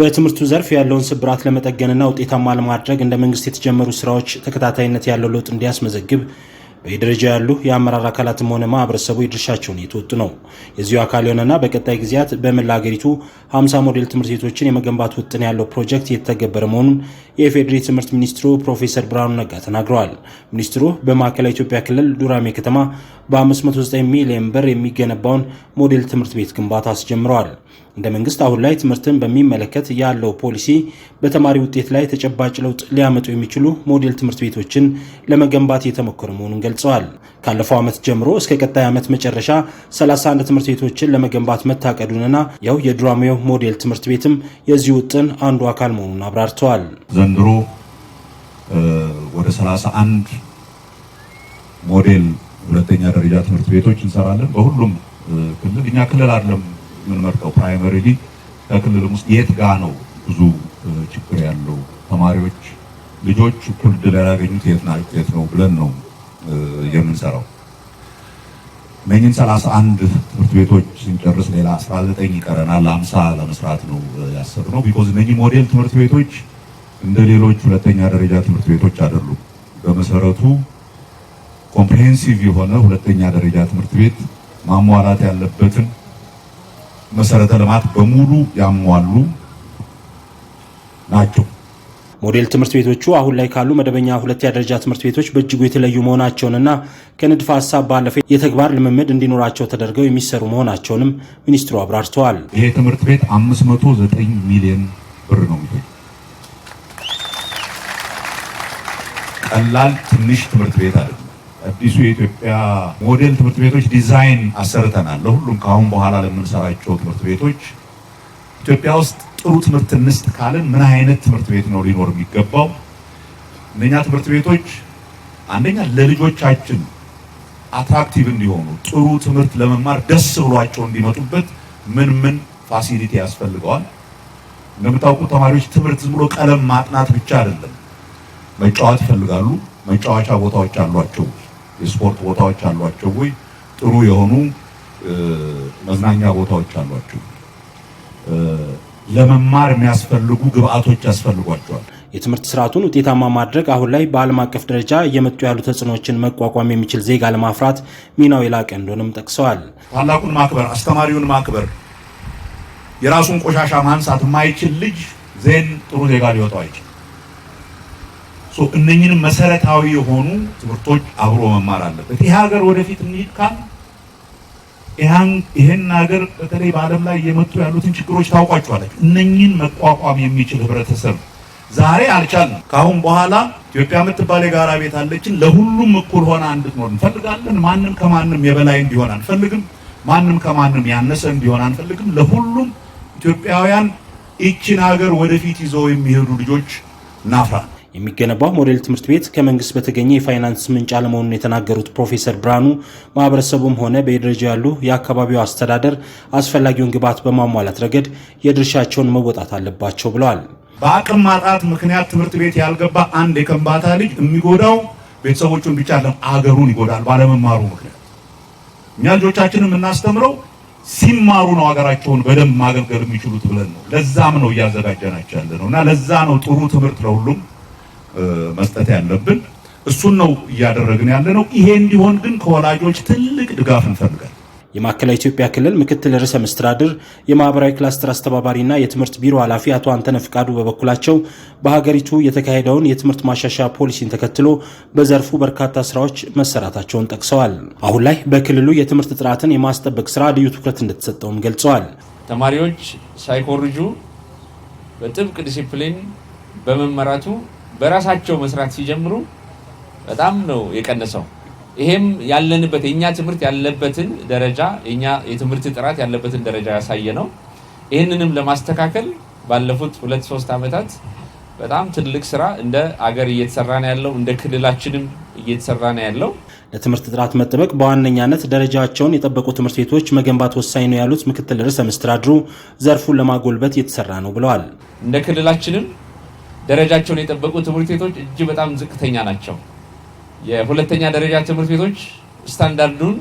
በትምህርቱ ዘርፍ ያለውን ስብራት ለመጠገንና ውጤታማ ለማድረግ እንደ መንግስት የተጀመሩ ስራዎች ተከታታይነት ያለው ለውጥ እንዲያስመዘግብ በየደረጃ ያሉ የአመራር አካላትም ሆነ ማህበረሰቡ የድርሻቸውን እየተወጡ ነው። የዚሁ አካል የሆነና በቀጣይ ጊዜያት በመላ ሀገሪቱ 50 ሞዴል ትምህርት ቤቶችን የመገንባት ውጥን ያለው ፕሮጀክት እየተተገበረ መሆኑን የኢፌዴሪ ትምህርት ሚኒስትሩ ፕሮፌሰር ብርሃኑ ነጋ ተናግረዋል። ሚኒስትሩ በማዕከላዊ ኢትዮጵያ ክልል ዱራሜ ከተማ በ 59 ሚሊዮን ብር የሚገነባውን ሞዴል ትምህርት ቤት ግንባታ አስጀምረዋል። እንደ መንግስት አሁን ላይ ትምህርትን በሚመለከት ያለው ፖሊሲ በተማሪ ውጤት ላይ ተጨባጭ ለውጥ ሊያመጡ የሚችሉ ሞዴል ትምህርት ቤቶችን ለመገንባት የተሞከረ መሆኑን ገልጸዋል። ካለፈው ዓመት ጀምሮ እስከ ቀጣይ ዓመት መጨረሻ 31 ትምህርት ቤቶችን ለመገንባት መታቀዱንና ያው የዱራሜው ሞዴል ትምህርት ቤትም የዚህ ውጥን አንዱ አካል መሆኑን አብራርተዋል። ዘንድሮ ወደ 31 ሞዴል ሁለተኛ ደረጃ ትምህርት ቤቶች እንሰራለን በሁሉም ክልል እኛ ክልል አይደለም የምንመርጠው ፕራይመሪ ከክልል ውስጥ የት ጋ ነው ብዙ ችግር ያለው ተማሪዎች ልጆች እኩል እድል ያላገኙት የት ነው ብለን ነው የምንሰራው። እነኝህን ሰላሳ አንድ ትምህርት ቤቶች ስንጨርስ ሌላ 19 ይቀረናል። 50 ለመስራት ነው ያሰብነው። ቢኮዝ እነኚህ ሞዴል ትምህርት ቤቶች እንደ ሌሎች ሁለተኛ ደረጃ ትምህርት ቤቶች አይደሉም። በመሰረቱ ኮምፕሪሄንሲቭ የሆነ ሁለተኛ ደረጃ ትምህርት ቤት ማሟላት ያለበትን መሰረተ ልማት በሙሉ ያሟሉ ናቸው። ሞዴል ትምህርት ቤቶቹ አሁን ላይ ካሉ መደበኛ ሁለተኛ ደረጃ ትምህርት ቤቶች በእጅጉ የተለዩ መሆናቸውንና ከንድፈ ሀሳብ ባለፈ የተግባር ልምምድ እንዲኖራቸው ተደርገው የሚሰሩ መሆናቸውንም ሚኒስትሩ አብራርተዋል። ይሄ ትምህርት ቤት 509 ሚሊዮን ብር ነው። ቀላል ትንሽ ትምህርት ቤት አይደለም። አዲሱ የኢትዮጵያ ሞዴል ትምህርት ቤቶች ዲዛይን አሰርተናል። ለሁሉም ከአሁን በኋላ ለምንሰራቸው ትምህርት ቤቶች ኢትዮጵያ ውስጥ ጥሩ ትምህርት እንስጥ ካልን ምን አይነት ትምህርት ቤት ነው ሊኖር የሚገባው? እነኛ ትምህርት ቤቶች አንደኛ ለልጆቻችን አትራክቲቭ እንዲሆኑ ጥሩ ትምህርት ለመማር ደስ ብሏቸው እንዲመጡበት ምን ምን ፋሲሊቲ ያስፈልገዋል? እንደምታውቁት ተማሪዎች ትምህርት ዝም ብሎ ቀለም ማጥናት ብቻ አይደለም፣ መጫወት ይፈልጋሉ። መጫወቻ ቦታዎች አሏቸው። የስፖርት ቦታዎች አሏቸው ወይ? ጥሩ የሆኑ መዝናኛ ቦታዎች አሏቸው? ለመማር የሚያስፈልጉ ግብአቶች ያስፈልጓቸዋል። የትምህርት ስርዓቱን ውጤታማ ማድረግ አሁን ላይ በዓለም አቀፍ ደረጃ እየመጡ ያሉ ተጽዕኖዎችን መቋቋም የሚችል ዜጋ ለማፍራት ሚናው የላቀ እንደሆነም ጠቅሰዋል። ታላቁን ማክበር፣ አስተማሪውን ማክበር፣ የራሱን ቆሻሻ ማንሳት የማይችል ልጅ ዜን ጥሩ ዜጋ ሊወጣው አይችል እነኝንም መሰረታዊ የሆኑ ትምህርቶች አብሮ መማር አለበት። ይህ ሀገር ወደፊት እንሂድ ካል ይህን ሀገር በተለይ በዓለም ላይ እየመጡ ያሉትን ችግሮች ታውቋቸዋላችሁ። እነኝን መቋቋም የሚችል ህብረተሰብ ዛሬ አልቻልንም። ከአሁን በኋላ ኢትዮጵያ የምትባል የጋራ ቤት አለችን። ለሁሉም እኩል ሆና እንድትኖር እንፈልጋለን። ማንም ከማንም የበላይ እንዲሆን አንፈልግም። ማንም ከማንም ያነሰ እንዲሆን አንፈልግም። ለሁሉም ኢትዮጵያውያን ይችን ሀገር ወደፊት ይዘው የሚሄዱ ልጆች ናፍራል። የሚገነባው ሞዴል ትምህርት ቤት ከመንግስት በተገኘ የፋይናንስ ምንጭ አለመሆኑን የተናገሩት ፕሮፌሰር ብርሃኑ ማህበረሰቡም ሆነ በየደረጃ ያሉ የአካባቢው አስተዳደር አስፈላጊውን ግብዓት በማሟላት ረገድ የድርሻቸውን መወጣት አለባቸው ብለዋል። በአቅም ማጣት ምክንያት ትምህርት ቤት ያልገባ አንድ የከንባታ ልጅ የሚጎዳው ቤተሰቦቹን ብቻ ለም አገሩን ይጎዳል። ባለመማሩ ምክንያት እኛ ልጆቻችን የምናስተምረው ሲማሩ ነው ሀገራቸውን በደንብ ማገልገል የሚችሉት ብለን ነው። ለዛም ነው እያዘጋጀናቸው ያለ ነው እና ለዛ ነው ጥሩ ትምህርት ለሁሉም መስጠት ያለብን እሱን ነው እያደረግን ያለ ነው። ይሄ እንዲሆን ግን ከወላጆች ትልቅ ድጋፍ እንፈልጋለን። የማዕከላዊ ኢትዮጵያ ክልል ምክትል ርዕሰ መስተዳድር የማህበራዊ ክላስተር አስተባባሪና የትምህርት ቢሮ ኃላፊ አቶ አንተነ ፍቃዱ በበኩላቸው በሀገሪቱ የተካሄደውን የትምህርት ማሻሻያ ፖሊሲን ተከትሎ በዘርፉ በርካታ ስራዎች መሰራታቸውን ጠቅሰዋል። አሁን ላይ በክልሉ የትምህርት ጥራትን የማስጠበቅ ስራ ልዩ ትኩረት እንደተሰጠውም ገልጸዋል። ተማሪዎች ሳይኮርጁ በጥብቅ ዲሲፕሊን በመመራቱ በራሳቸው መስራት ሲጀምሩ በጣም ነው የቀነሰው። ይሄም ያለንበት የእኛ ትምህርት ያለበትን ደረጃ የኛ የትምህርት ጥራት ያለበትን ደረጃ ያሳየ ነው። ይህንንም ለማስተካከል ባለፉት ሁለት ሶስት ዓመታት በጣም ትልቅ ስራ እንደ አገር እየተሰራ ነው ያለው፣ እንደ ክልላችንም እየተሰራ ነው ያለው። ለትምህርት ጥራት መጠበቅ በዋነኛነት ደረጃቸውን የጠበቁ ትምህርት ቤቶች መገንባት ወሳኝ ነው ያሉት ምክትል ርዕሰ መስተዳድሩ ዘርፉን ለማጎልበት እየተሰራ ነው ብለዋል። እንደ ክልላችንም ደረጃቸውን የጠበቁ ትምህርት ቤቶች እጅግ በጣም ዝቅተኛ ናቸው። የሁለተኛ ደረጃ ትምህርት ቤቶች ስታንዳርዱን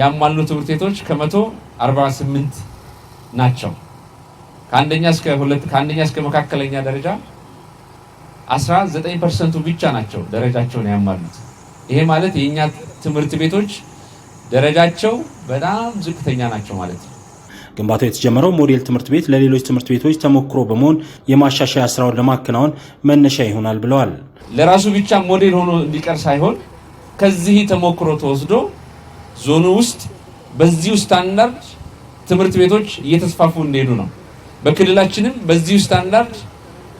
ያሟሉ ትምህርት ቤቶች ከመቶ 48 ናቸው። ከአንደኛ እስከ ሁለት ከአንደኛ እስከ መካከለኛ ደረጃ 19 ፐርሰንቱ ብቻ ናቸው ደረጃቸውን ያሟሉት። ይሄ ማለት የእኛ ትምህርት ቤቶች ደረጃቸው በጣም ዝቅተኛ ናቸው ማለት ነው። ግንባታው የተጀመረው ሞዴል ትምህርት ቤት ለሌሎች ትምህርት ቤቶች ተሞክሮ በመሆን የማሻሻያ ስራውን ለማከናወን መነሻ ይሆናል ብለዋል። ለራሱ ብቻ ሞዴል ሆኖ እንዲቀር ሳይሆን ከዚህ ተሞክሮ ተወስዶ ዞኑ ውስጥ በዚሁ ስታንዳርድ ትምህርት ቤቶች እየተስፋፉ እንደሄዱ ነው። በክልላችንም በዚሁ ስታንዳርድ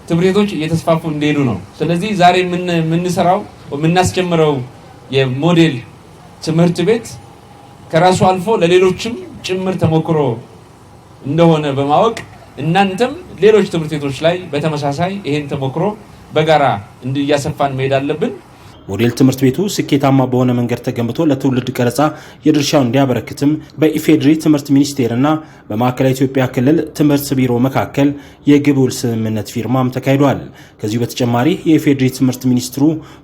ትምህርት ቤቶች እየተስፋፉ እንደሄዱ ነው። ስለዚህ ዛሬ የምንሰራው የምናስጀምረው የሞዴል ትምህርት ቤት ከራሱ አልፎ ለሌሎችም ጭምር ተሞክሮ እንደሆነ በማወቅ እናንተም ሌሎች ትምህርት ቤቶች ላይ በተመሳሳይ ይሄን ተሞክሮ በጋራ እንዲያሰፋን መሄድ አለብን። ሞዴል ትምህርት ቤቱ ስኬታማ በሆነ መንገድ ተገንብቶ ለትውልድ ቀረጻ የድርሻውን እንዲያበረክትም በኢፌዴሪ ትምህርት ሚኒስቴርና በማዕከላዊ ኢትዮጵያ ክልል ትምህርት ቢሮ መካከል የግብ ውል ስምምነት ፊርማም ተካሂዷል። ከዚሁ በተጨማሪ የኢፌዴሪ ትምህርት ሚኒስትሩ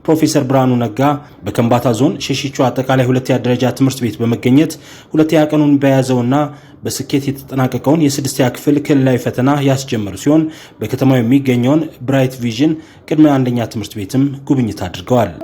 ፕሮፌሰር ብርሃኑ ነጋ በከምባታ ዞን ሸሽቾ አጠቃላይ ሁለተኛ ደረጃ ትምህርት ቤት በመገኘት ሁለተኛ ቀኑን በያዘውና በስኬት የተጠናቀቀውን የስድስተኛ ክፍል ክልላዊ ፈተና ያስጀመሩ ሲሆን በከተማው የሚገኘውን ብራይት ቪዥን ቅድመ አንደኛ ትምህርት ቤትም ጉብኝት አድርገዋል።